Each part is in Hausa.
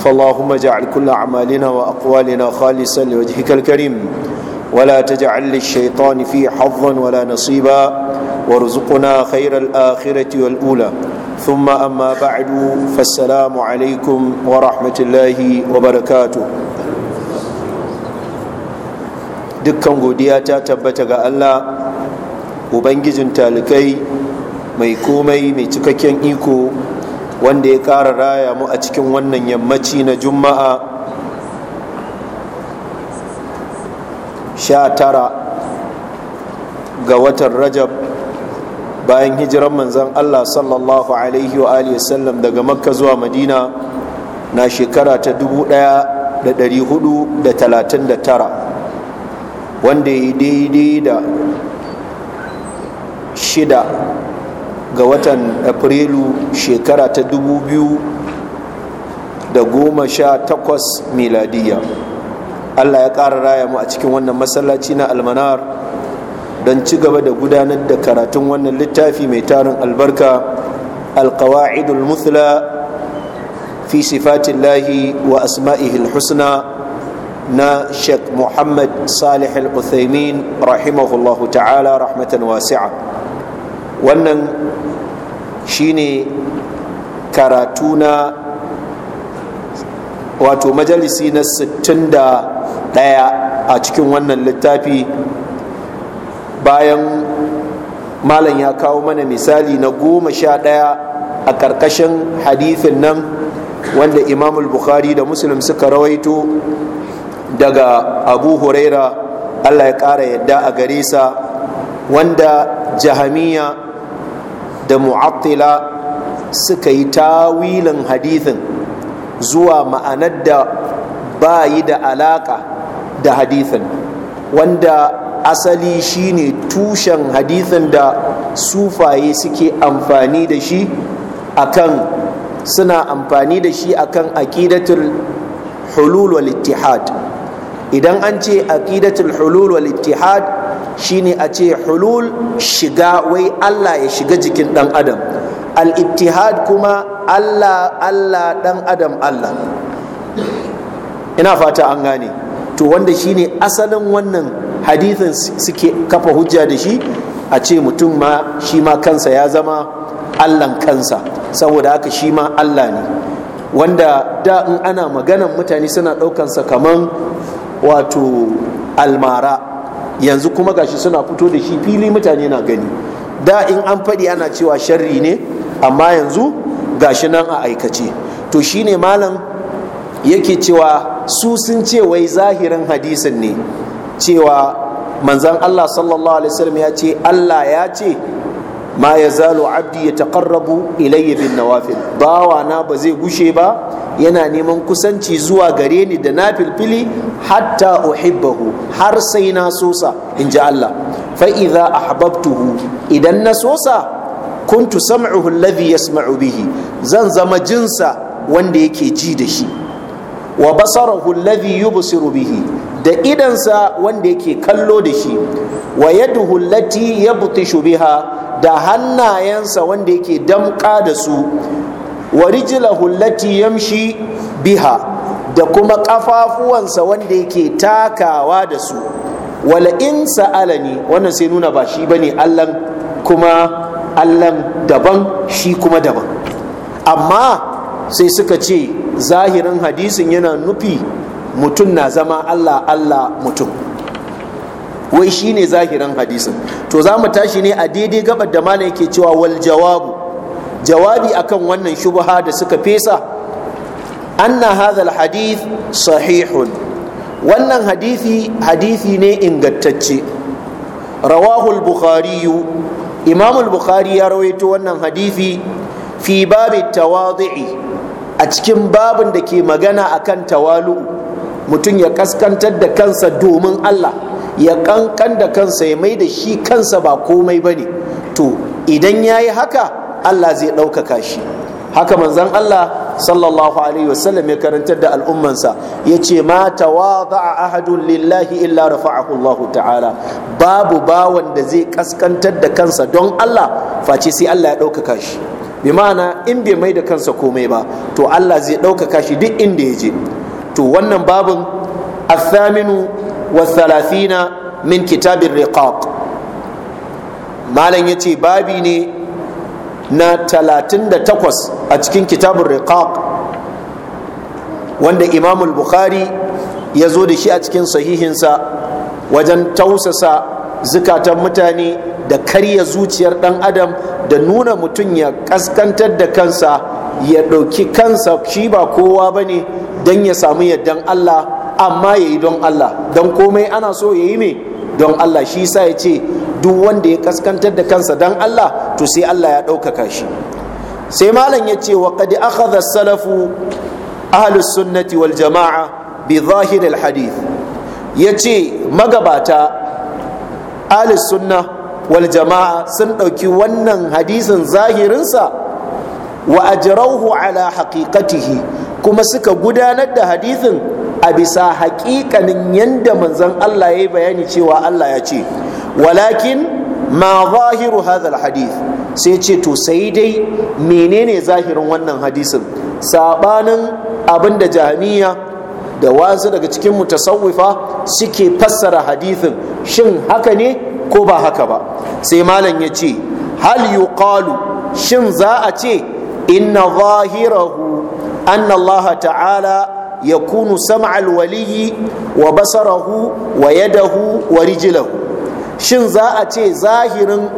فاللهم اجعل كل اعمالنا واقوالنا خالصا لوجهك الكريم ولا تجعل للشيطان فيه حظا ولا نصيبا وارزقنا خير الاخره والاولى ثم اما بعد فالسلام عليكم ورحمه الله وبركاته dukkan godiya ta tabbata ga Allah ubangijin talikai mai komai mai cikakken iko wanda ya kara raya mu a cikin wannan yammaci na juma'a 19 ga watan rajab bayan hijiran manzan allah sallallahu alaihi wa sallam daga makka zuwa madina na shekara ta 1439 wanda ya daidai da shida ga watan afrilu shekara ta 2018 miladiya allah ya ƙara raya mu a cikin wannan masallaci na almanar don ci gaba da gudanar da karatun wannan littafi mai tarin albarka alkawa'idul muthla fi sifatillahi wa asma'ihil husna na sheikh muhammad salih al-uthaymin rahimahullahu ta'ala rahmatan wasi'a wannan shine karatu na wato majalisi na 61 a cikin wannan littafi bayan malam ya kawo mana misali na goma sha ɗaya a ƙarƙashin hadithin nan wanda imamul bukhari da muslim suka rawaito daga abu huraira allah ya ƙara yadda a gare wanda jahamiya da mu'attila suka yi tawilin hadithin zuwa ma'anar da ba yi da alaƙa da hadithin wanda asali shine tushen hadithin da sufaye suke amfani da shi akan suna amfani da shi akan aqidatul hulul wal ittihad idan an ce aqidatul hulul wal ittihad shine a ce hulul shiga wai Allah ya shiga jikin dan adam al-ittihad kuma Allah Allah dan adam Allah ina fata an gane to wanda shine asalin wannan hadithin suke kafa hujja da shi a ce mutum ma shi ma kansa ya zama allan kansa saboda haka shi ma allah ne wanda da in ana maganan mutane suna ɗaukansa kaman wato almara yanzu kuma gashi suna fito da shi fili mutane na gani da in an faɗi ana cewa sharri ne amma yanzu gashi nan a aikace to shine malam yake cewa su sun ce wai zahirin hadisin ne cewa manzan Allah sallallahu alaihi wasallam ya ce Allah ya ce ma ya zalo abdi ya taƙarrabu ilayya bin nawafil bawa na ba zai gushe ba yana neman kusanci zuwa gare ni da na filfili hatta uhibbahu har sai na sosa in ji Allah fa idza ahbabtuhu idan na sosa kuntu sam'uhu alladhi yasma'u bihi zan zama jinsa wanda yake ji da shi wa basarahu alladhi yubsiru bihi da idansa wanda yake kallo da shi wa yaduhu allati yabtishu biha da hannayensa wanda yake damƙa da su wa rijlahu yamshi biha da kuma ƙafafuwansa wanda yake takawa da su wala in sa'alani wannan sai nuna ba shi bane allan kuma allan daban shi kuma daban amma sai suka ce zahirin hadisin yana nufi mutum na zama allah allah mutum wai shine zahirin hadisin to za mu tashi ne a daidai gabar da malam yake cewa wal jawabu jawabi akan wannan shubha da suka fesa anna hadha al hadith sahihun wannan hadisi hadisi ne ingantacce Rawahul bukhari imam al bukhari ya rawaito wannan hadisi fi babi tawadi'i a cikin babin da ke magana akan tawalu mutum ya kaskantar da kansa domin Allah ya kankan da kansa ya mai da shi kansa ba komai ba ne to idan ya yi haka allah zai ɗaukaka shi haka manzan allah sallallahu alaihi wasallam ya karantar da al'ummansa ya ce ma a ahadun lillahi illa rafa'ahu allah ta'ala babu bawan da zai kaskantar da kansa don allah face sai allah ya ɗaukaka shi bi ma'ana in bai mai da kansa komai ba to allah zai ɗaukaka shi duk inda ya je to wannan babin athaminu والثلاثين من كتاب الرقاق مالن يتي بابي ني نا تلاتين دا تقوس أتكين كتاب الرقاق وند إمام البخاري يزود شيء أتكين صحيحنسا وجن توسسا زكاة متاني دا كري يزود dan adam da nuna mutum ya kaskantar da kansa ya ɗauki kansa shi ba kowa ba ne don ya samu yardan Allah amma yayi don Allah don komai ana so yayi me don Allah shi sa ya ce duk wanda ya kaskantar da kansa don Allah to sai Allah ya ɗaukaka shi sai malam ya ce wa akhadha salafu ahlus sunnati wal jama'a bi zahir al hadith ya ce magabata ahlus sunna wal jama'a sun ɗauki wannan hadisin zahirinsa wa ajrauhu ala haqiqatihi kuma suka gudanar da hadithin a bisa haƙiƙanin yanda manzon Allah ya yi bayani cewa Allah ya ce walakin ma zahiru hadal hadith sai ce to sai dai menene zahirin wannan hadisin sabanin abin da jahamiya da wasu daga cikin mutasawwifa suke fassara hadisin, shin haka ne ko ba haka ba sai malam ya ce hal yuqalu shin za a ce inna zahirahu anna Allah ta'ala yakunu sam'al alwaliyi wa basarahu wa yadahu wa rijilahu shin za a ce zahirin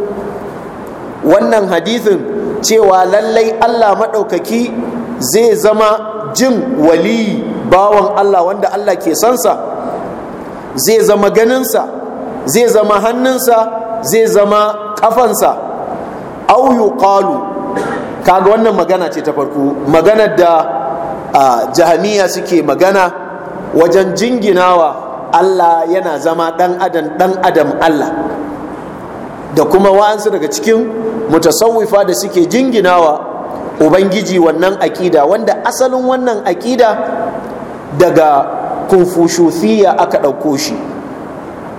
wannan hadithin cewa lallai Allah maɗaukaki zai zama jin waliyi bawan Allah wanda Allah ke sansa zai zama ganinsa zai zama hannunsa zai zama kafansa au yuqalu kaga wannan magana ce ta farko maganar da a jahamiya suke magana wajen jinginawa Allah yana zama ɗan adam dan adam Allah da kuma wa'ansu daga cikin mutasawwifa da suke jinginawa ubangiji wannan aƙida, wanda asalin wannan aƙida daga kunfushufiya aka ɗauko shi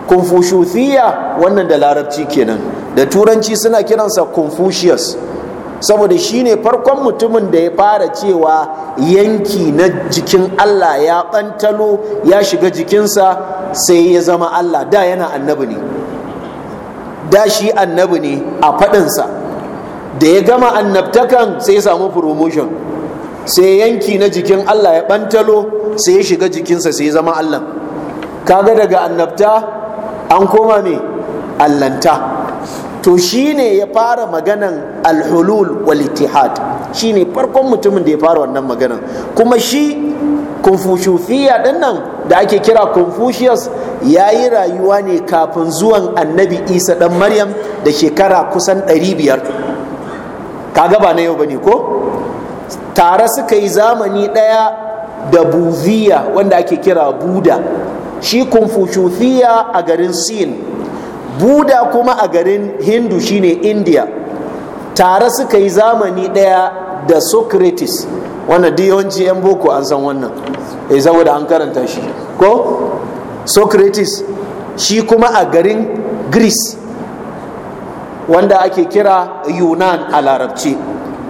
kunfushufiya wannan da larabci kenan da turanci suna kiransa confucius saboda shi ne farkon mutumin da ya fara cewa yanki na jikin Allah ya ɓantalo ya shiga jikinsa sai ya zama Allah da yana annabi ne da shi annabi ne a faɗinsa da ya gama annabtakan sai ya samu promotion sai yanki na jikin Allah ya ɓantalo sai ya shiga jikinsa sai ya zama Allah kaga daga annabta an koma ne allanta to shine ya fara maganan alhulul wa ittihad shine farkon mutumin da ya fara wannan maganan kuma shi confuciusiya din nan da ake kira confucius ya yi rayuwa ne kafin zuwan annabi isa ɗan maryam da shekara kusan 500 kaga ba na yau bane ko tare suka yi zamani ɗaya da buziya wanda ake kira buda shi confuciusiya a garin sin buda kuma a garin hindu shine india tare suka yi zamani daya da socrates wannan yawanci 'yan boko an san wannan ya eh, saboda an karanta shi ko socrates shi kuma a garin greece wanda ake kira yunan a larabci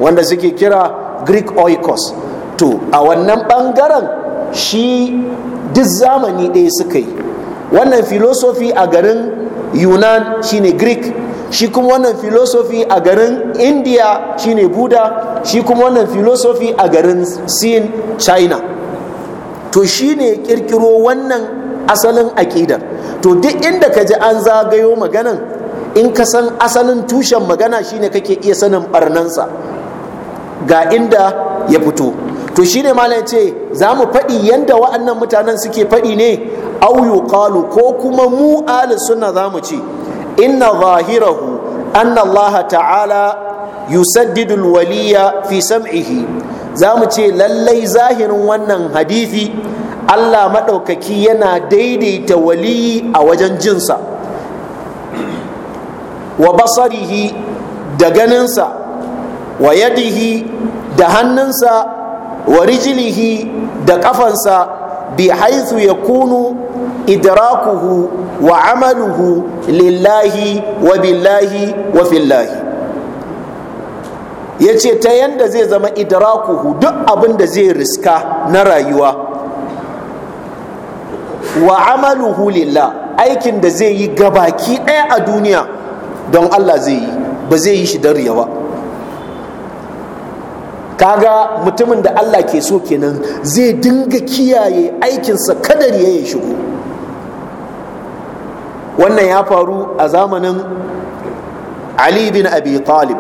wanda suke kira greek oikos to a wannan bangaren shi duk zamani ɗaya suka yi wannan filosofi a garin yunan shine greek shi kuma wannan filosofi a garin india shine buda shi kuma wannan filosofi a garin sin china to shine kirkiro wannan asalin aƙidar to duk inda ka ji an zagayo maganan in ka san asalin tushen magana shine kake iya sanin barnansa ga inda ya fito to shine malam ce za mu faɗi yadda wa'annan mutanen suke faɗi ne au yuqalu ko kuma mu ahli sunna zamu ce inna zahirahu anna Allah ta'ala yusaddidu waliya fi sam'ihi zamu ce lallai zahirin wannan hadisi Allah maɗaukaki yana daidaita waliyi a wajen jinsa wa basarihi da ganinsa wa yadihi da hannunsa wa rijilihi da ƙafansa bi haithu ya kunu idrakuhu wa amaluhu lillahi wa billahi wa fillahi ya ce ta yadda zai zama idrakuhu duk abin da zai riska na rayuwa wa amaluhu lillah aikin da zai yi gabaki ɗaya a duniya don allah zai yi ba zai yi shi don ba kaga mutumin da Allah ke so kenan zai dinga kiyaye aikinsa kadar ya shigo wannan ya faru a zamanin ali bin abi talib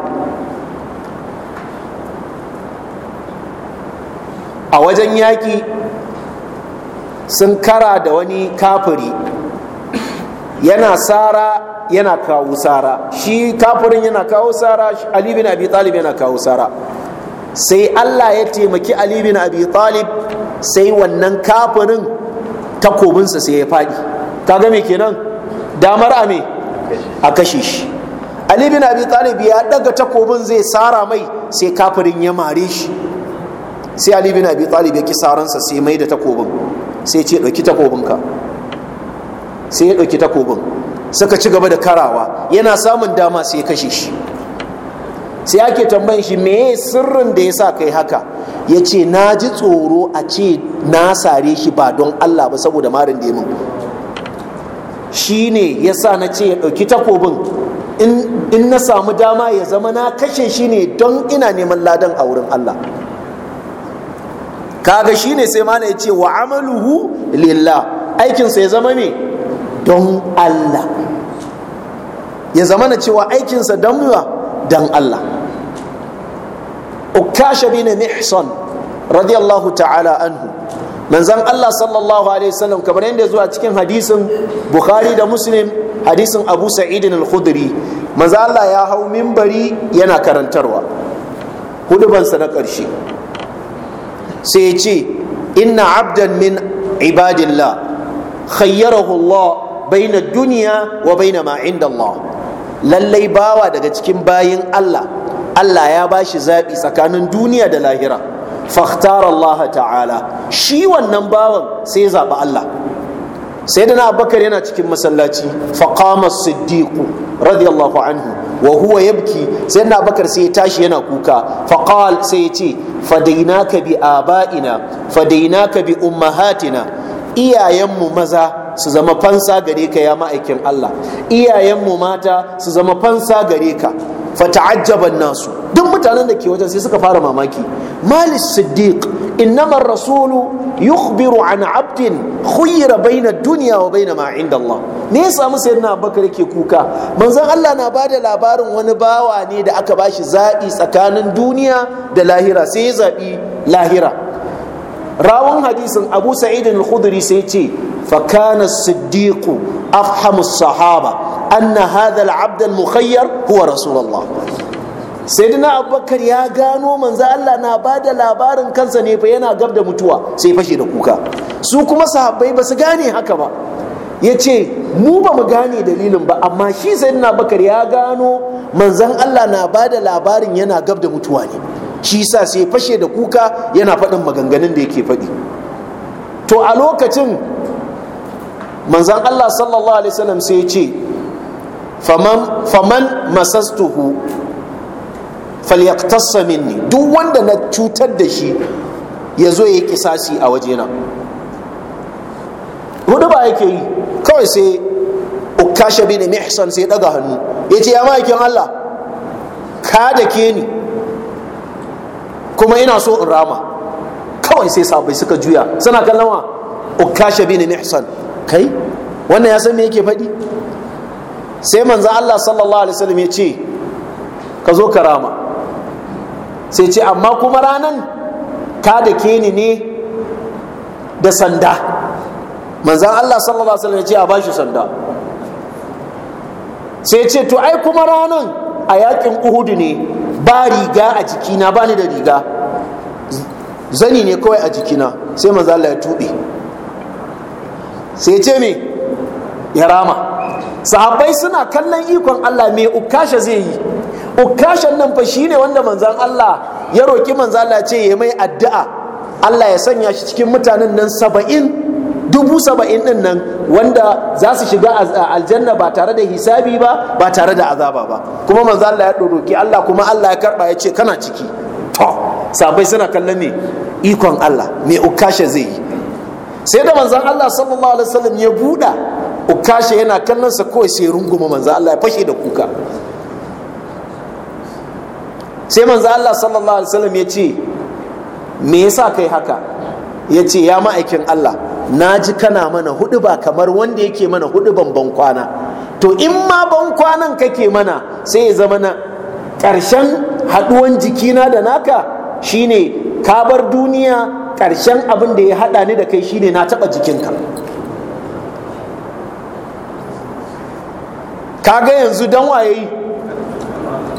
a wajen yaƙi sun kara da wani kafiri yana sara yana kawo sara shi kafirin yana kawo sara ali bin abi talib yana kawo sara sai allah ya taimaki ali bin abi talib sai wannan kafirin takobinsa sai ya faɗi ga me kenan damar a me a kashe shi ali bin abi talib ya daga takobin zai sara mai sai kafirin ya mare shi sai ali bin abi talib ya ki saransa sai mai da takobin sai ce takobin ka, sai ya ɗauki takobin suka ci gaba da karawa yana samun dama sai ya kashe shi sai ake tambayin shi me sirrin da ya sa kai haka ya ce na ji tsoro a ce na sare shi ba don allah ba saboda marin da ya min Shi shine yasa na ce ya ɗauki takobin in na samu dama ya zama na kashe shi ne don ina neman ladan a wurin Allah kaga shi ne sai mana ya ce wa amaluhu lillah aikinsa ya zama me don Allah ya zama na cewa aikinsa don wa don Allah ukasha bin mihsan radiyallahu ta'ala anhu manzon Allah sallallahu alaihi wasallam kamar yadda zuwa cikin hadisin Bukhari da Muslim hadisin Abu Sa'id al-Khudri manzan Allah ya hau mimbari yana karantarwa sa na karshe sai ya ce inna abdan min ibadillah khayyarahu Allah baina duniya wa baina ma inda Allah lallai bawa daga cikin bayin Allah Allah ya bashi zaɓi tsakanin duniya da lahira fakhtar Allah ta'ala shi wannan bawan sai ya zaɓi Allah sai da na yana cikin masallaci faƙama siddiqu radiyallahu anhu wa huwa yabki sai na abubakar sai ya tashi yana kuka faƙal sai ya ce fadainaka bi aba'ina fadainaka bi ummahatina iyayenmu maza su zama fansa gare ka ya ma'aikin Allah iyayenmu mata su zama fansa gare ka fata'ajjaban nasu mutanen da ke wajen sai suka fara mamaki malis siddiq innama rasulu yukhbiru an abdin khuyira baina dunya wa baina ma inda Allah me samu sayyidina Abubakar yake kuka manzon Allah na bada labarin wani bawa ne da aka bashi zabi tsakanin duniya da lahira sai ya zabi lahira Rawan hadisin Abu Sa'id al-Khudri sai ya ce fa kana siddiq afhamu sahaba anna hadha al-abd al-mukhayyar huwa rasulullah dina abubakar ya gano manzo Allah na ba da labarin kansa ne fa yana gab da mutuwa sai fashe da kuka su kuma sahabbai ba su gane haka ba ya ce mu ba mu gane dalilin ba amma shi dina abubakar ya gano manzon Allah na ba da labarin yana gab da mutuwa ne shi sa sai fashe da kuka yana faɗin maganganun da yake faɗi to a lokacin manzon Allah sallallahu alaihi wasallam sai ya ce faman faman masastuhu falyaqtassa minni duk wanda na cutar da shi ya zo ya yi kisasi a wajena hudu ba yake yi kawai sai ukasha bin mihsan sai daga hannu ya ce ya ma'aikin allah ka da ke ni kuma ina so in rama kawai sai sabai suka juya suna kallama wa ukasha bin mihsan kai wannan ya san me yake faɗi sai manzo allah sallallahu alaihi wasallam ya ce ka zo ka rama sai ce amma kuma ranan ka da ke ni ne da sanda manzan Allah sallallahu alaihi wasallam ya ce a bashi sanda sai ce to ai kuma ranan a yakin uhudu ne ba riga a jikina ba ni da riga zani ne kawai a jikina sai manzan Allah ya tuɓe sai ce me ya rama sahabbai suna kallon ikon Allah mai ukasha zai yi ukashan nan fa shine wanda manzan Allah ya roki manzan Allah ce ya mai addu'a Allah ya sanya shi cikin mutanen nan saba'in dubu saba'in din nan wanda za su shiga aljanna ba tare da hisabi ba ba tare da azaba ba kuma manzan Allah ya roki Allah kuma Allah ya karba ya ce kana ciki to sabai suna kallon ne ikon Allah me ukashe zai yi sai da manzan Allah sallallahu alaihi wasallam ya buɗa ukasha yana kallon sa kawai sai runguma manzan Allah ya fashe da kuka sai manzo Allah sallallahu alaihi wasallam ya ce me yasa kai haka ya ce ya ma'aikin Allah na ji kana mana hudu ba kamar wanda yake mana hudu ban kwana to in ma ban kwanan kake mana sai ya zama na ƙarshen haɗuwan jikina da naka shine ka bar duniya ƙarshen abin da ya haɗa ni da kai shine na taɓa Ka ga yanzu don waye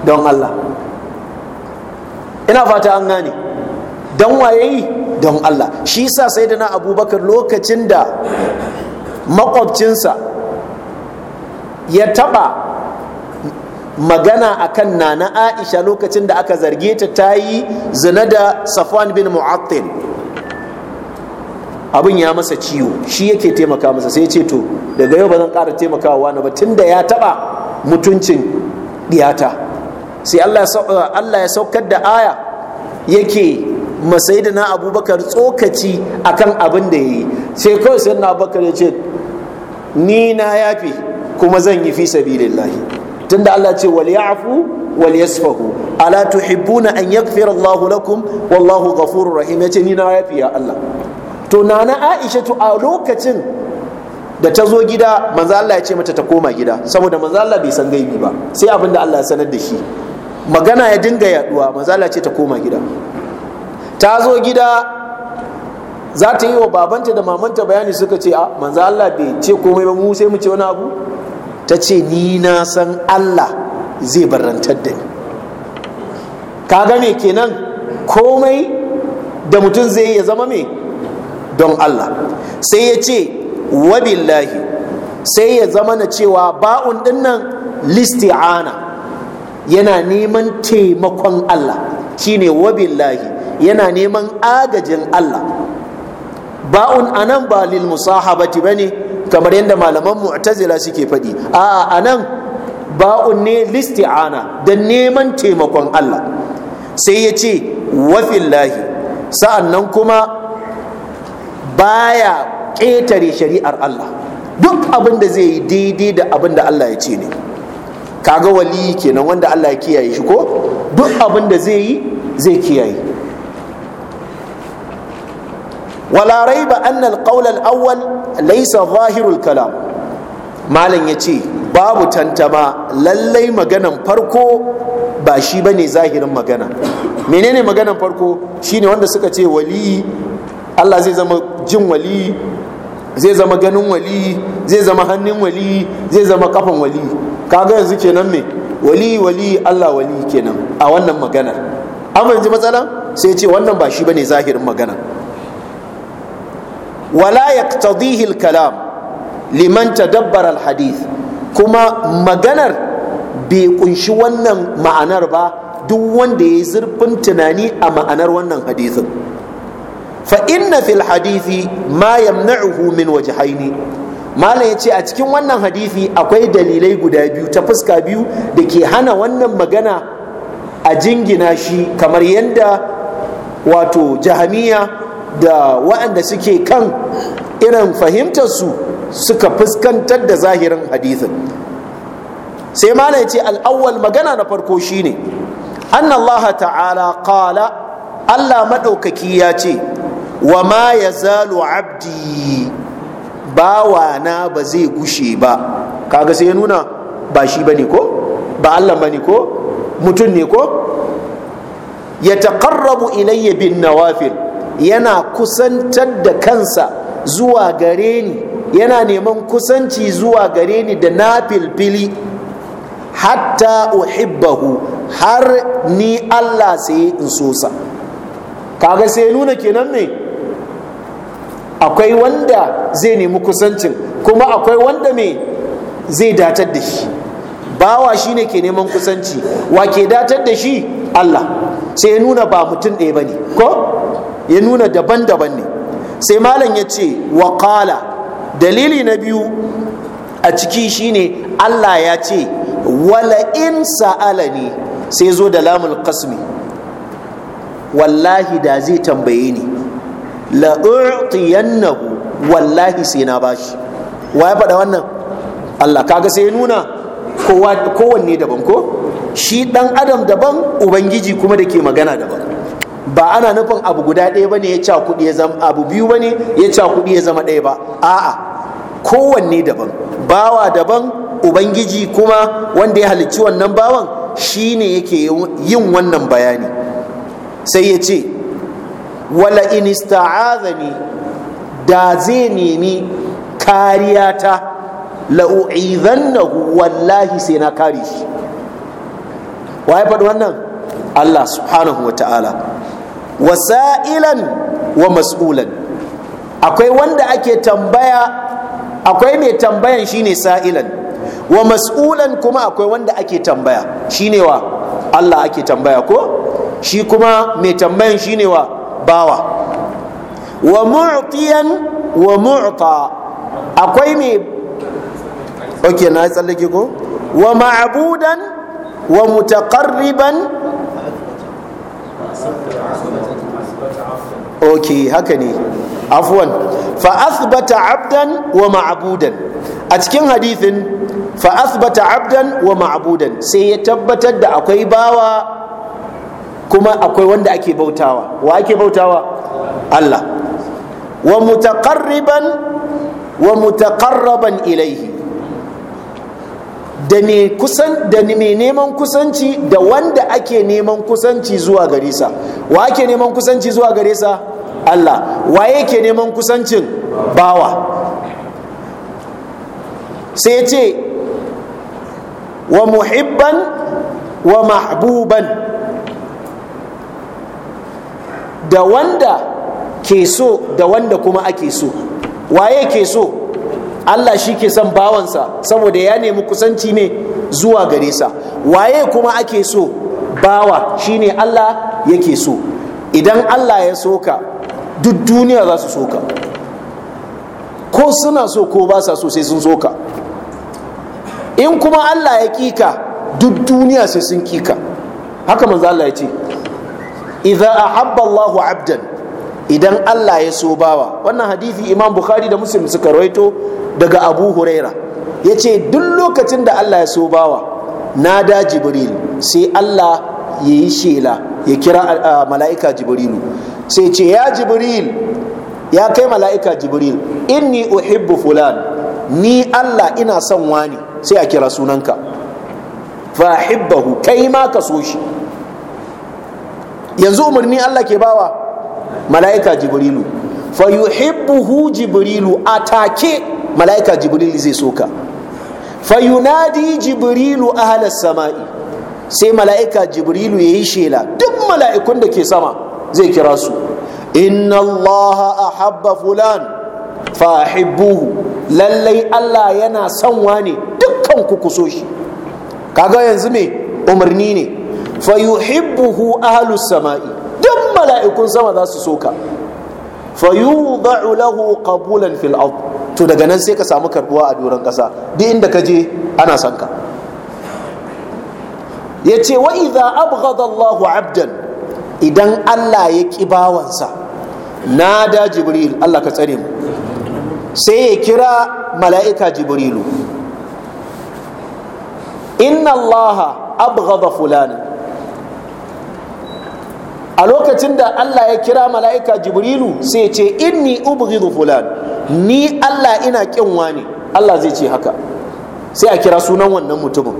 don Allah ina fata an gane don waye yi don Allah shi sa, sai da na abubakar lokacin da makwabcinsa ya taba magana a akan nana aisha lokacin da aka zarge ta ta yi zina da safwan bin mu'attin abin ya masa ciwo shi yake taimaka masa sai ce to daga yau ba zan ƙara taimakawa wani ba tun da ya taba mutuncin diyata sai Allah ya saukar da aya yake na abubakar tsokaci akan abin da ya yi sai kawai sai na abubakar ya ce ni na yafi kuma zan yi fi sabilillahi tunda Allah ce wal ya'fu wal yasfahu ala tuhibbuna an yaghfira Allah lakum wallahu ghafurur rahim yace ni na yafi ya Allah to nana Aisha to a lokacin da ta zo gida manzo Allah ya ce mata ta koma gida saboda manzo Allah bai san gaibi ba sai abin da Allah ya sanar da shi magana ya dinga yaduwa manzala ce ta koma gida ta zo gida za ta yi wa babanta da mamanta bayani suka ce a manza Allah bai ce komai ba mu sai mu ce wani abu ta ce ni na san Allah zai barantar da ni ka gane kenan komai da mutum zai ya zama me don Allah sai ya ce wabillahi sai ya zama na cewa ba'un dinnan listi'ana yana neman taimakon Allah shine wabillahi yana neman agajin Allah ba'un anan ba lil musahabati bane kamar yadda malaman mu'tazila suke faɗi a'a anan ba'un ne listi'ana da neman taimakon Allah sai ya ce wafillahi nan kuma baya ƙetare shari'ar Allah duk abin da zai yi daidai da abin da Allah ya ce ne kaga waliyi kenan wanda Allah ya kiyaye shi ko duk abin da zai yi zai kiyaye wala raiba anna alqawl alawwal laysa zahirul kalam malam yace babu tantama lallai maganan farko ba shi bane zahirin magana menene maganan farko shine wanda suka ce waliyi Allah zai zama jin wali, zai zama ganin waliyi zai zama hannun waliyi zai zama kafan waliyi kaga yanzu kenan me wali wali Allah wali kenan a wannan maganar an fahimci matsala sai ce wannan ba shi bane zahirin magana wala yaqtadihi kalam liman tadabbara al-hadith kuma maganar bai kunshi wannan ma'anar ba duk wanda ya yi zurfin tunani a ma'anar wannan hadithin fa inna fil hadithi ma yamna'uhu min wajhaini malam ya ce a cikin wannan hadithi akwai dalilai guda biyu ta fuska biyu da ke hana wannan magana a jingina shi kamar yadda wato jahamiya da waɗanda suke kan irin fahimtarsu suka fuskantar da zahirin hadithin sai malam ya ce al'awwal magana na farko shine an Allah ta'ala qala Allah maɗaukaki ya ce wa ma ya zalo abdi bawa na ba zai gushe ba kaga sai ya nuna ba shi ba ne ko ba Allah ne ko mutum ne ko ya taƙarrabu ilayya bin nawafil yana kusantar da kansa zuwa gare ni yana neman kusanci zuwa gare ni da nafilfili hatta uhibbahu har ni Allah sai in sosa kaga sai nuna kenan ne akwai wanda zai nemi kusancin kuma akwai wanda mai zai datar da shi bawa shi ne ke neman kusanci wa ke datar da shi Allah sai ya nuna ba mutum ɗaya ba ne ko ya nuna daban-daban ne sai malam ya ce wa dalili na biyu a ciki shi ne Allah ya ce wala in ne. sai zo da lamul kasmi wallahi da zai tambaye ni la'urtiyannahu wallahi sai na bashi wa ya faɗa wannan Allah kaga sai ya nuna kowanne daban ko shi ɗan adam daban ubangiji kuma da ke magana daban ba ana nufin abu guda ɗaya bane ya ca kuɗi ya zama abu biyu bane ya ca kuɗi ya zama ɗaya ba a'a kowanne daban bawa daban ubangiji kuma wanda ya halicci wannan bawan shine yake yin wannan bayani sai ya ce wala in ista'azani da zai nemi kariyata la'u'izannahu wallahi sai na kare shi wa ya faɗi wannan Allah subhanahu wa ta'ala wasa'ilan wa mas'ulan akwai wanda ake tambaya akwai mai tambayan shine sa'ilan wa mas'ulan kuma akwai wanda ake tambaya shine wa Allah ake tambaya ko shi kuma mai tambayan shine wa bawa wa mu'tiyan wa mu'ta akwai mai ok na tsallake ko wa ma'budan wa mutaqarriban ok haka ne afwan fa asbata abdan wa ma'budan a cikin hadithin fa asbata abdan wa ma'budan sai ya tabbatar da akwai bawa kuma akwai wanda ake bautawa wa ake bautawa Allah wa mutaqarriban wa mutaqarraban ilaihi da ne kusan da neman kusanci da wanda ake neman kusanci zuwa gare sa wa ake neman kusanci zuwa gare sa Allah wa yake neman kusancin bawa sai ce wa muhibban wa mahbuban da wanda ke so da wanda kuma ake so waye ke so Allah shi ke son bawansa saboda ya nemi kusanci ne zuwa gare sa waye kuma ake so bawa shine Allah yake so idan Allah ya soka duk duniya za su soka ko suna so ko ba sa so sai sun soka in kuma Allah ya kika duk duniya sai sun kika haka manzo Allah ya ce idza ahabba Allahu abdan idan Allah ya so bawa wannan hadisi Imam Bukhari da Muslim suka rawaito daga Abu Huraira yace duk lokacin da Allah ya so bawa na da Jibril sai Allah ya shela ya kira mala'ika Jibrilu sai ce ya Jibril ya kai mala'ika Jibril inni uhibbu fulan ni Allah ina son wani sai a kira sunanka fa kai ma ka so shi yanzu umarni Allah ke bawa mala'ika jibrilu fa yuhibbuhu jibrilu atake mala'ika jibrilu zai soka fa yunadi jibrilu ahla sama'i sai mala'ika jibrilu yayi shela duk mala'ikun da ke sama zai kira su inna Allah ahabba fulan fa ahibbuhu lallai Allah yana son wane dukkan ku kuso kaga yanzu me umarni ne fa yuhibbuhu ahlus sama'i duk mala'ikun sama za su soka fa yudha'u lahu qabulan fil to daga nan sai ka samu karbuwa a ƙasa, kasa duk inda ka je ana son ka yace wa idza abghadha Allahu 'abdan idan Allah ya ki bawansa nada jibril Allah ka tsare mu sai ya kira mala'ika jibrilu inna allaha abghadha fulana a lokacin da Allah ya kira mala'ika jibrilu sai ce inni ubghidu fulan ni Allah ina kin wani Allah zai ce haka sai a kira sunan wannan mutumin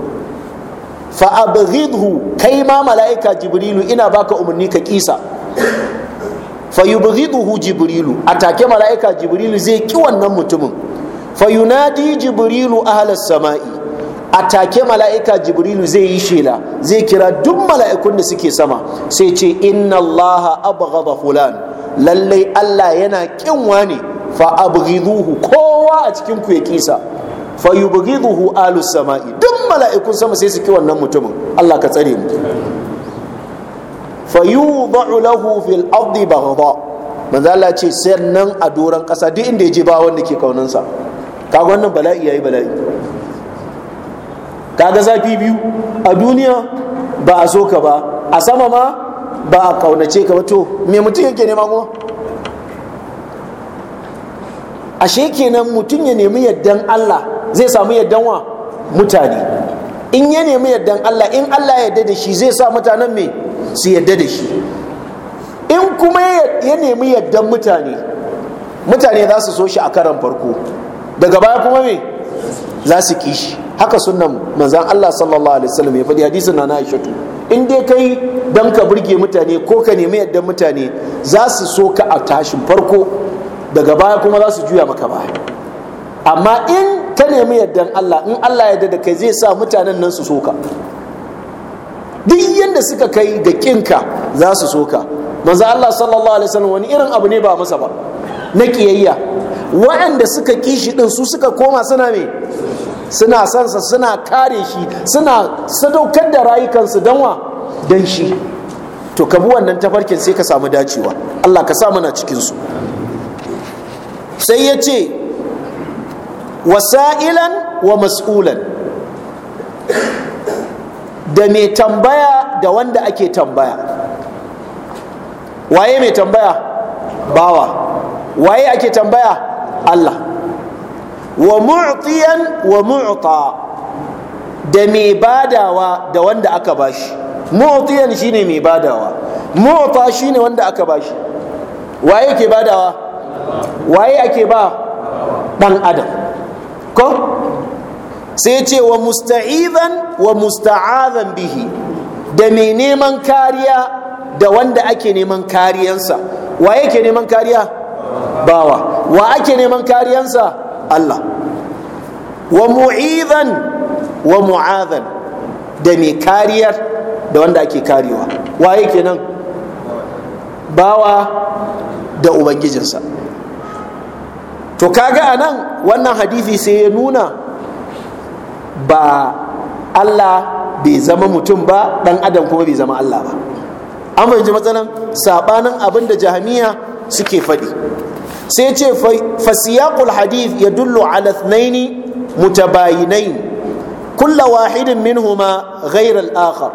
fa abghidhu kai ma mala'ika jibrilu ina baka umarni ka kisa fa jibrilu a take mala'ika jibrilu zai ki wannan mutumin fa yunadi jibrilu ahlas sama'i a take mala'ika jibrilu zai yi shela zai kira duk mala'ikun da suke sama sai ce inna allaha abghadha fulan lallai allah yana kinwa ne fa abghidhuhu kowa a cikin ku ya kisa fa yi yubghidhuhu alu sama'i duk mala'ikun sama sai suke wannan mutumin allah ka tsare mu fa yi lahu fil ardi manzo Allah ce nan a doron kasa duk inda ya je ba wanda ke kaunansa kaga wannan bala'i yayi bala'i kaga zafi biyu a duniya ba a so ka ba a sama ma ba a kaunace ka ba to me mutum yake nema kuma ashe kenan mutum ya nemi yaddan Allah zai samu yaddan wa mutane in ya nemi yaddan Allah in Allah ya yadda da shi zai sa mutanen me su yadda da shi in kuma ya nemi yaddan mutane mutane za su so shi a karan farko daga baya kuma me za su kishi? haka sunan manzan Allah sallallahu alaihi wasallam ya faɗi hadisin na Aishatu in dai kai dan ka burge mutane ko ka nemi yadda mutane za su so ka a tashin farko daga baya kuma za su juya maka baya amma in ka nemi yadda Allah in Allah ya da kai zai sa mutanen nan su so ka duk yadda suka kai da kinka za su so ka manzan Allah sallallahu alaihi wasallam wani irin abu ne ba masa ba na kiyayya waɗanda suka kishi din su suka koma suna me suna sansa suna kare shi suna sadaukar da rayukansu don wa don shi to ka bi wannan tafarkin sai ka samu dacewa Allah ka sa mana cikinsu sai ya ce wasa'ilan wa mas'ulan da mai tambaya da wanda ake tambaya waye mai tambaya bawa waye ake tambaya Allah wa mu'tiyan wa mu'ta da mai badawa da wanda aka bashi mu'tiyan shine mai badawa mu'ta shine wanda aka bashi waye ke badawa waye ake ba dan adam ko sai ce wa musta'izan wa musta'azan bihi da mai neman kariya da wanda ake neman kariyansa waye ke neman kariya bawa wa ake neman kariyansa Allah wa mu'izan wa mu'azan da mai kariyar da wanda ake karewa waye kenan bawa da ubangijinsa to kaga anan wannan hadisi sai ya nuna ba Allah bai zama mutum ba dan adam kuma bai zama Allah ba an fahimci matsalan sabanin abin da jahamiya suke faɗi sai ce fasiyaqul hadith ya dullu ala thnaini mutabayinain kulla wahidin minhuma ghayr al-akhar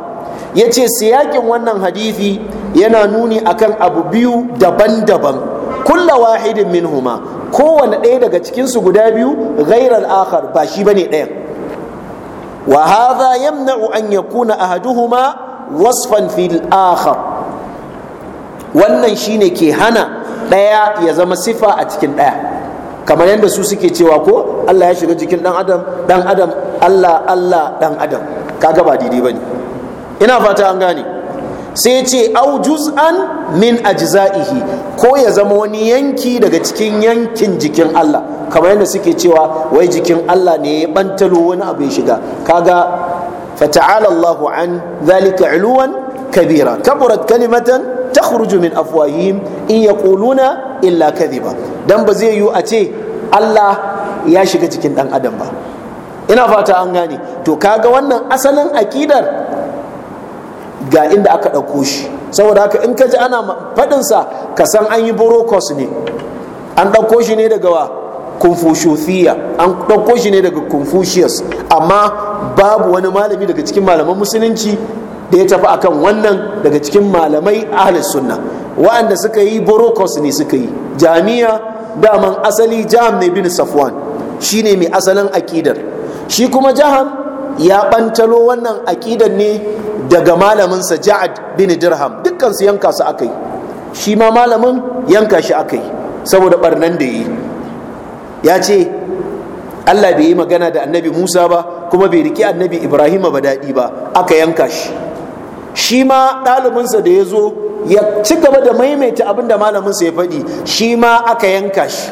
yace siyakin wannan hadithi yana nuni akan abu biyu daban-daban kulla wahidin minhuma kowane ɗaya daga cikinsu guda biyu ghayr al-akhar ba shi bane ɗayan wa hadha yamna'u an yakuna ahaduhuma wasfan fil akhar wannan shine ke hana ɗaya ya zama sifa a cikin ɗaya kamar yadda su suke cewa ko Allah ya shiga jikin ɗan adam ɗan adam Allah Allah ɗan adam kaga ba daidai bane ina fata an gane sai ya ce au an min ajza'ihi ko ya zama wani yanki daga cikin yankin jikin Allah kamar yadda suke cewa wai jikin Allah ne ya bantalo wani abu ya shiga kaga fata'ala Allahu an zalika 'uluwan kabira كبيرا كبرت كلمة kulu na أفواههم إن يقولون إلا كذبا دم بزي يو allah ya shiga cikin أن adam ba. ina fata an gane to kaga wannan asalin akidar ga inda aka ɗauko shi saboda haka in ka ji ana faɗinsa ka san an yi borokos ne an ɗauko ne daga wa confuciusia an ɗauko shi ne daga confucius amma babu wani malami daga cikin malaman musulunci da ya tafi akan wannan daga cikin malamai ahlus sunna wa'anda suka yi borokos ne suka yi jami'a daman asali jaham ne bin safwan shi ne mai asalin akidar shi kuma jaham ya bantalo wannan akidar ne daga malaminsa ja'ad bin dirham dukkan yanka su akai shi ma malamin yanka shi akai saboda ɓarnan da yi ya ce Allah bai yi magana da annabi Musa ba kuma bai riki annabi Ibrahim ba daɗi ba aka yanka shi shi ma ɗalibinsa da ya zo ya ci gaba da maimaita abin da malaminsa ya faɗi shi ma aka yanka shi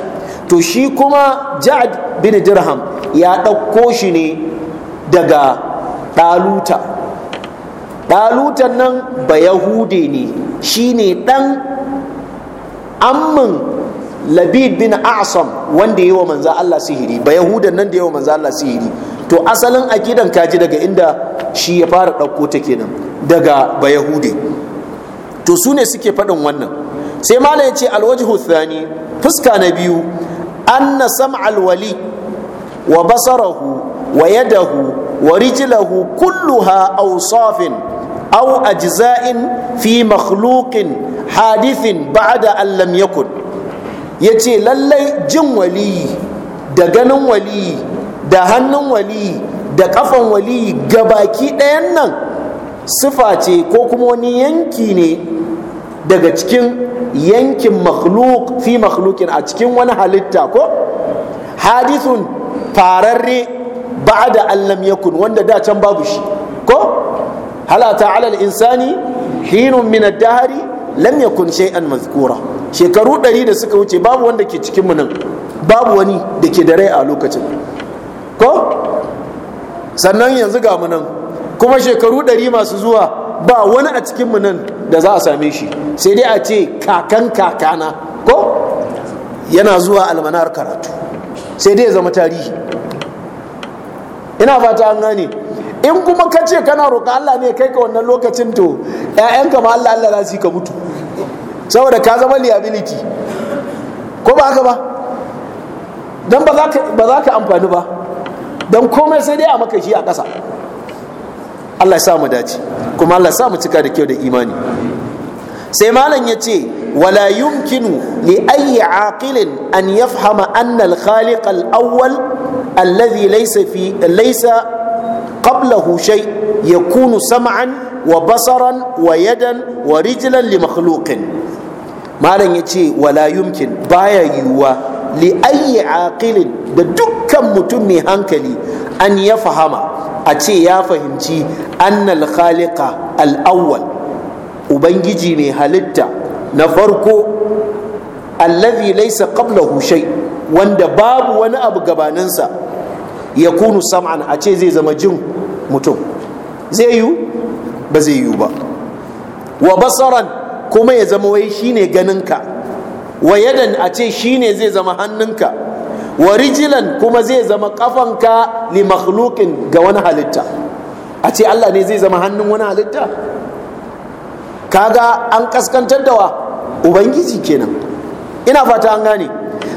to shi kuma ja'ad bin dirham ya ɗauko shi ne daga ɗaluta ɗalutan nan ba yahude ne shi ne ɗan ammin labid bin asam wanda yi wa manza Allah sihiri ba yahudan nan da yi wa manza Allah sihiri to asalin akidan kaji daga inda shi ya fara ɗauko ta kenan daga bayahude to su ne suke faɗin wannan sai mala ya ce alwajhu thani fuska na biyu anna sam'al wali wa basarahu wa yadahu wa rijlahu kulluha awsafin aw ajza'in fi makhluqin hadithin ba'da an lam yakun yace lallai jin wali, da ganin wali, da hannun wali, da kafan waliyi gabaki ɗayan nan sifa ce ko kuma wani yanki ne daga cikin yankin makhluk fi makhlukin a cikin wani halitta ko hadithun fararre ba da allam yakun wanda da can babu shi ko halata alal insani hinun min dahari lam yakun shay'an mazkura shekaru ɗari da suka wuce babu wanda ke cikin mu nan babu wani da ke da rai a lokacin ko sannan yanzu ga mu nan kuma shekaru ɗari masu zuwa ba wani a cikinmu nan da za a same shi sai dai a ce kakan kakana ko yana zuwa almanar karatu sai dai ya zama tarihi ina fata an gane in kuma ka ce kana roƙa Allah ne kai ka wannan lokacin to 'ya'yanka ma Allah Allah za ka mutu saboda ka zama liability ko ba haka ba don ba za ka amfani ba don komai sai dai a maka shi a ƙasa Allah sa mu dace kuma Allah sa mu cika da kyau da imani sai malam ya ce wala yumkinu li ayyi aqilin an yafhama anna al-khaliq al-awwal alladhi laysa fi laysa qablahu shay yakunu sam'an wa basaran wa yadan wa rijlan li makhluqin malam ya wala yumkin baya yiwuwa li ayyi aqilin da dukkan mutum mai hankali an ya fahama a ce ya fahimci annal khaliqa al-awwal ubangiji mai halitta na farko allazi laisa qablahu hushai, wanda babu wani abu gabaninsa ya kunu sam'an a ce zai zama jin mutum zai yiwu ba zai yiwu ba wa basaran kuma ya zama wai shine ganinka wa yadan a ce shine zai zama hannunka wa rijilan kuma zai zama ka li makhluqin ga wani halitta a ce Allah ne zai zama hannun wani halitta kaga an kaskantar da wa ubangiji kenan ina fata an gane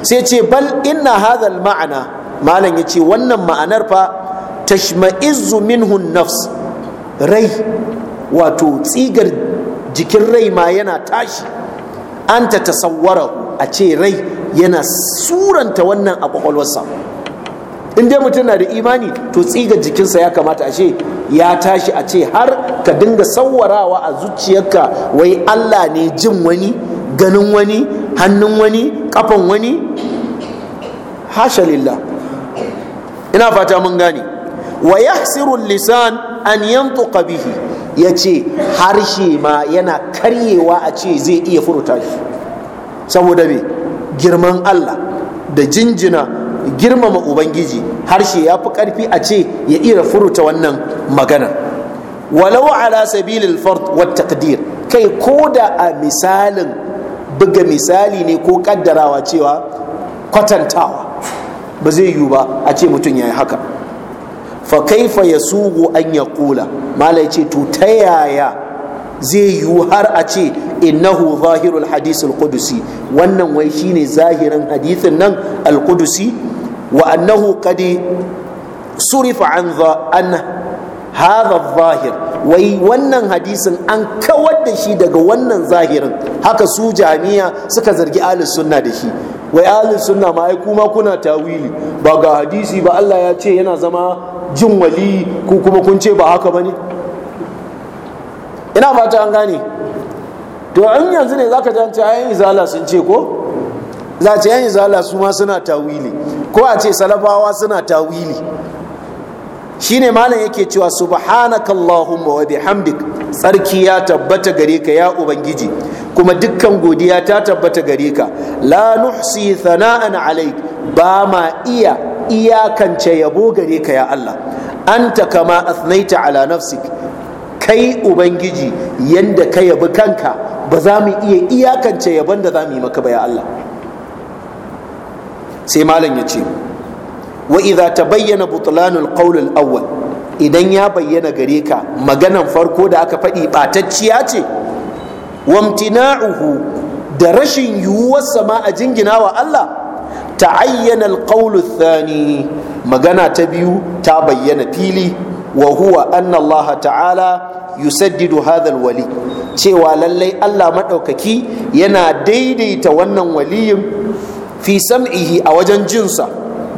sai ce bal inna hadhal ma'ana malam ce wannan ma'anar fa tashma'izzu minhun nafs rai wato tsigar jikin rai ma yana tashi an ta tasawwara a ce rai yana suranta wannan a kwakwalwarsa in dai mutum na da imani to tsigar jikinsa ya kamata a ashe ya tashi a ce har ka dinga sauwarawa a zuciyarka wai Allah ne jin wani ganin wani hannun wani kafan wani hasha ina fata mun gane wa yahsiru lisan an yantuqa bihi yace harshe ma yana karyewa a ce zai iya furuta shi saboda me girman Allah da jinjina girmama ubangiji harshe ya fi karfi a ce ya iya furuta wannan magana walau ala sabilil fard wa taqdir kai ko da a misalin buga misali ne ko kaddarawa cewa kwatantawa ba zai yiwu ba a ce mutum ya yi haka fa kaifa ya sugu an ya kula malai ce to ta yaya zai yiwu har a ce innahu zahirul hadisul al-qudusi wannan wai shine zahirin hadisin nan al-qudusi wa annahu kadi surifa an hadha zahir wai wannan hadisin an kawar da shi daga wannan zahirin haka su jami'a suka zargi ahlus sunna da shi wai ahlus sunna ma ai kuma kuna tawili ba ga hadisi ba Allah ya ce yana zama jin wali ko kuma kun ce ba haka bane ina fata an gane to an yanzu ne zaka ji an ayin izala sun ce ko za ce yan zala su ma suna tawili ko a ce salafawa suna tawili shine malam yake cewa subhanaka allahumma wa bihamdik tsarki ya tabbata gare ka ya ubangiji kuma dukkan godiya ta tabbata gare ka la nuhsi thana'an alaik ba ma iya iyakance yabo gare ka ya Allah anta kama athnaita ala nafsi kai ubangiji yanda ka yabi kanka ba za mu iya iyakance yabon da za mu yi maka ba ya Allah sai malam ya ce wa idza tabayyana butlanul qawl al idan ya bayyana gare ka maganan farko da aka faɗi ɓatacciya ce wamtina'uhu da rashin yiwuwar sama a jingina wa Allah ta'ayyana alqawlu thani magana ta biyu ta bayyana fili wa huwa anna Allah ta'ala yusaddidu hadha alwali cewa lallai Allah madaukaki yana daidaita wannan waliyin fi sam'ihi a wajen jinsa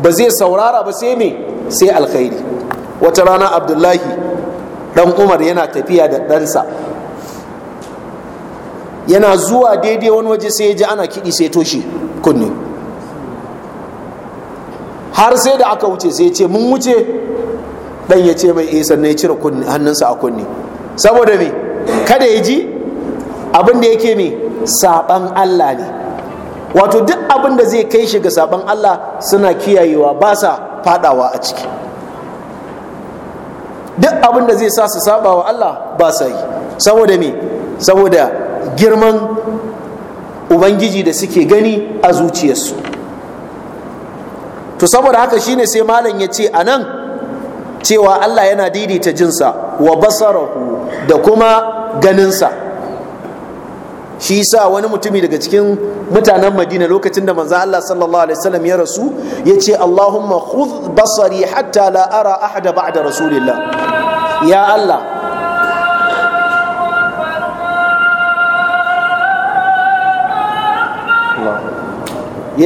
ba zai saurara ba sai me sai alkhairi wata rana abdullahi dan umar yana tafiya da ɗansa yana zuwa daidai wani waje sai ya ji ana kiɗi sai toshe kunne har sai da aka wuce sai ya ce mun wuce dan ya ce mai isa eh, ne ya cire hannunsa a kunne saboda me kada ya ji abin da yake me saban allah ne wato duk abin da zai kai shi ga saban Allah suna kiyayewa ba sa fadawa a ciki duk abin da zai sa su saba wa Allah ba sa yi saboda me saboda girman ubangiji da suke gani a zuciyarsu to saboda haka shine sai malam ya ce anan, cewa Allah yana daidaita jinsa wa basarahu da kuma ganinsa shi sa wani mutumi daga cikin mutanen madina lokacin da manzo Allah sallallahu alaihi wasallam ya rasu ya ce Allahumma khudh basari hatta la ara ahada ba'da rasulillah ya Allah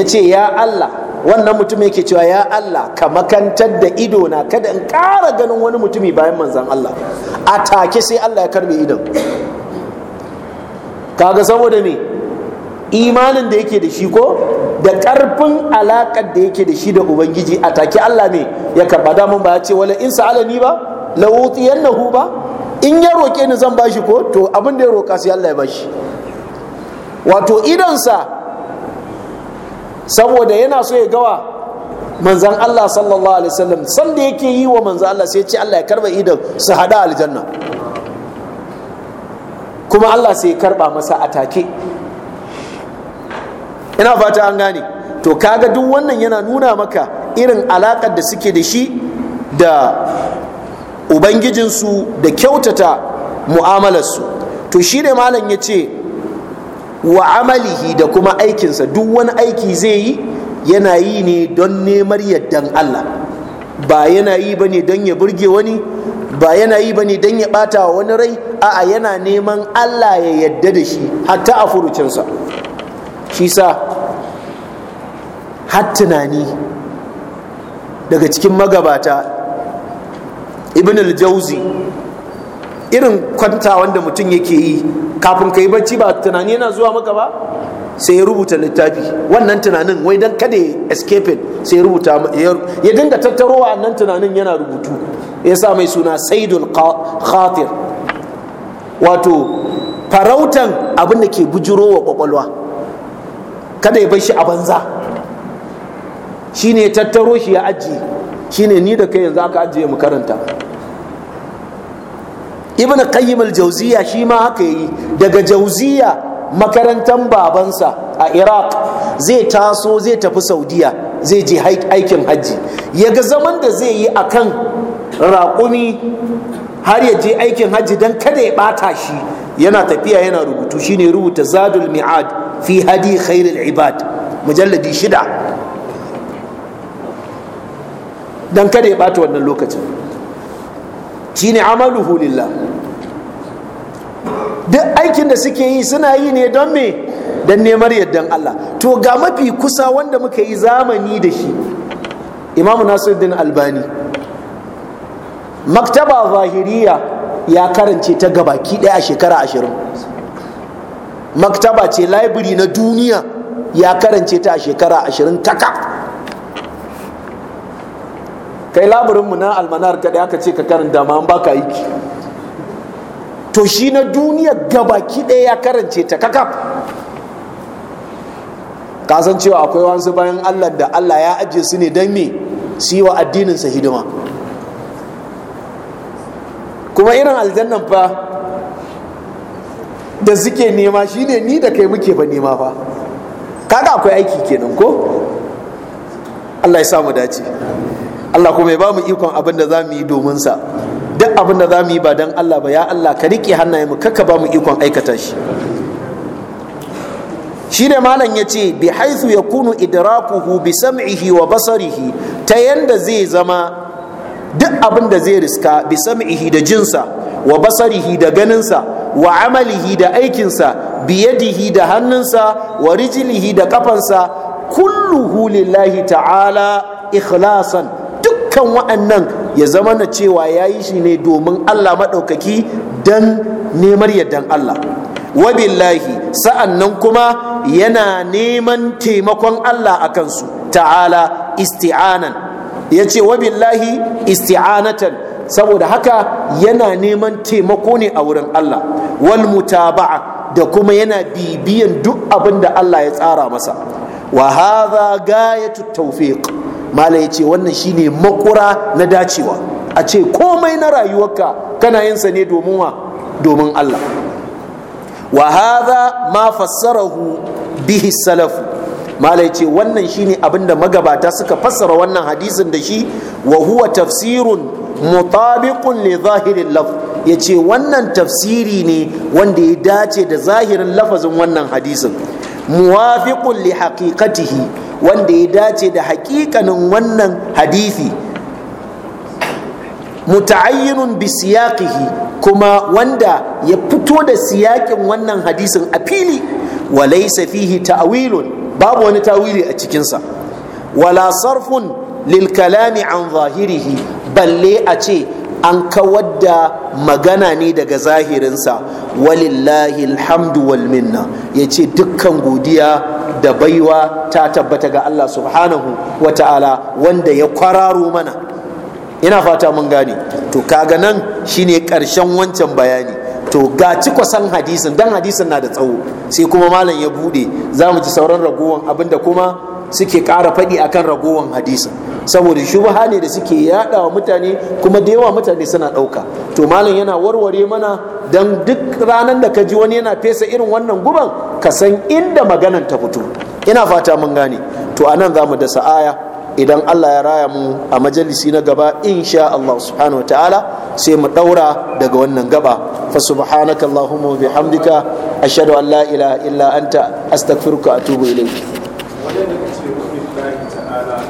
ce ya Allah wannan mutum yake cewa ya Allah ka makantar da ido na kada in ƙara ganin wani mutumi bayan manzan Allah a take sai Allah ya karbe idon kaga saboda me imanin da yake da shi ko da ƙarfin alaƙar da yake da shi da ubangiji a take Allah ne ya karɓa mun ba ya ce wala in ni ba la utiyannahu ba in ya roke ni zan bashi ko to abin da ya roka sai Allah ya bashi wato sa saboda yana so ya gawa manzan Allah sallallahu alaihi wasallam sanda yake yi wa manzan Allah sai ya ce Allah ya karba idan su hada aljanna kuma Allah sai karba masa a take ina fata an gane to kaga duk wannan yana nuna maka irin alaƙar da suke da shi da ubangijinsu da kyautata mu'amalarsu to shi ne malam ya ce wa amalihi da kuma aikinsa duk wani aiki zai yi yana yi ne don neman yardan Allah ba yana yi ba ne don ya burge wani ba yana yi ba ne don ya ɓata wa wani rai a'a yana neman Allah ya yadda da shi hatta a furucinsa shi sa har tunani daga cikin magabata ibn al-jauzi irin kwanta wanda mutum yake yi kafin ka yi bacci ba tunani yana zuwa maka ba sai ya rubuta littafi wannan tunanin wai dan kada ya escape sai ya rubuta ya dinga tattaro wannan tunanin yana rubutu ya sa mai suna saidul khatir wato farautan abin da ke bujiro wa kwakwalwa kada ya bar shi a banza shine ya tattaro shi ya ajiye shine ni da kai yanzu aka ajiye mu karanta ibn qayyim al-jawziya shi ma haka yi daga jawziya makarantar babansa a iraq zai taso zai tafi saudiya zai je aikin hajji ya ga zaman da zai yi a kan raƙumi har ya je aikin hajji don kada ya ɓata shi yana tafiya yana rubutu Shi ne rubuta zadul mi'ad fi hadi khairul ibad mujalladi shida don kada ya ɓata wannan lokacin Shi ne amaluhu lillah duk aikin da suke yi suna yi ne don me don neman yardan Allah to ga mafi kusa wanda muka yi zamani da shi imamu nasiruddin albani maktaba zahiriya ya karance ta gabaki ɗaya a shekara ashirin maktaba ce library na duniya ya karance ta a shekara ashirin kaka. kai laburinmu na almanar kaɗai aka ce ka karanta ma an baka aiki to shi na duniya gabaki ɗaya ya karance ta kakaf kasan cewa akwai wasu bayan allah da allah ya ajiye su ne don me su yi wa addininsa hidima kuma irin aljannan fa da suke nema shine ni da kai muke ba nema fa kaga akwai aiki kenan ko allah ya samu dace allah kuma ya ba mu ikon abin da za mu yi domin sa duk abin da za mu yi ba don Allah ba ya Allah ka riƙe hannayenmu kaka ba mu ikon aikata shi shi ne malam ya ce bi haithu ya kunu idrakuhu bi sam'ihi wa basarihi ta yanda zai zama duk abin da zai riska bi sam'ihi da jinsa wa basarihi da ganinsa wa amalihi da aikinsa biyadihi da hannunsa wa rijilihi da kafansa kulluhu lillahi ta'ala ikhlasan dukkan wa'annan ya zama na cewa ya yi shi ne domin allah maɗaukaki don neman yardan allah wabillahi sa'an nan kuma yana neman taimakon allah a kansu ta'ala isti'anan ya ce wabillahi isti'anatan saboda haka yana neman taimako ne a wurin allah wal mutaba'a da kuma yana bibiyan duk abin da allah ya tsara masa wa hadha gayatu tawfiq malai ya ce wannan shine makura na dacewa a ce komai na rayuwarka kana yin sa ne domin wa domin Allah wa hadha ma fassarahu bihi salafu malai ya ce wannan shine abinda magabata suka fassara wannan hadisin da shi wa huwa tafsirun mutabiqun li zahirin lafz ya ce wannan tafsiri ne wanda ya dace da zahirin lafazin wannan hadisin muwafiqun li haqiqatihi wanda ya dace da hakikanin wannan hadisi muta'ayyinun bi siyaqihi kuma wanda ya fito da siyakin wannan hadisin a fili wa laysa fihi ta'wilun babu wani tawili a cikinsa wala sarfun lil kalami an zahirihi balle a ce an kawar da magana ne daga zahirinsa walillahi alhamdu wal minna ya ce dukkan godiya da baiwa ta tabbata ga Allah subhanahu wa ta'ala wanda ya kwararo mana ina fata mun gane to kaga nan shine karshen wancan bayani to ga ci kwasan hadisin dan hadisin na da tsawo sai kuma malam ya bude za mu ji sauran ragowan abinda kuma suke ƙara faɗi akan ragowan hadisin saboda shubha ne da suke yada wa mutane kuma da yawa mutane suna ɗauka to malam yana warware mana don duk ranar da ka ji wani yana fesa irin wannan guban ka san inda maganan ta fito ina fata mun gane to anan za mu dasa aya idan Allah ya raya mu a majalisi na gaba insha Allah subhanahu ta'ala sai mu ɗaura daga wannan gaba fa subhanaka allahumma wa bihamdika ashhadu an la ilaha illa anta astaghfiruka atubu ilayk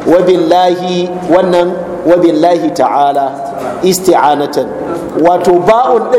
wabillahi wannan wabillahi ta'ala isti'anatan wato ba'un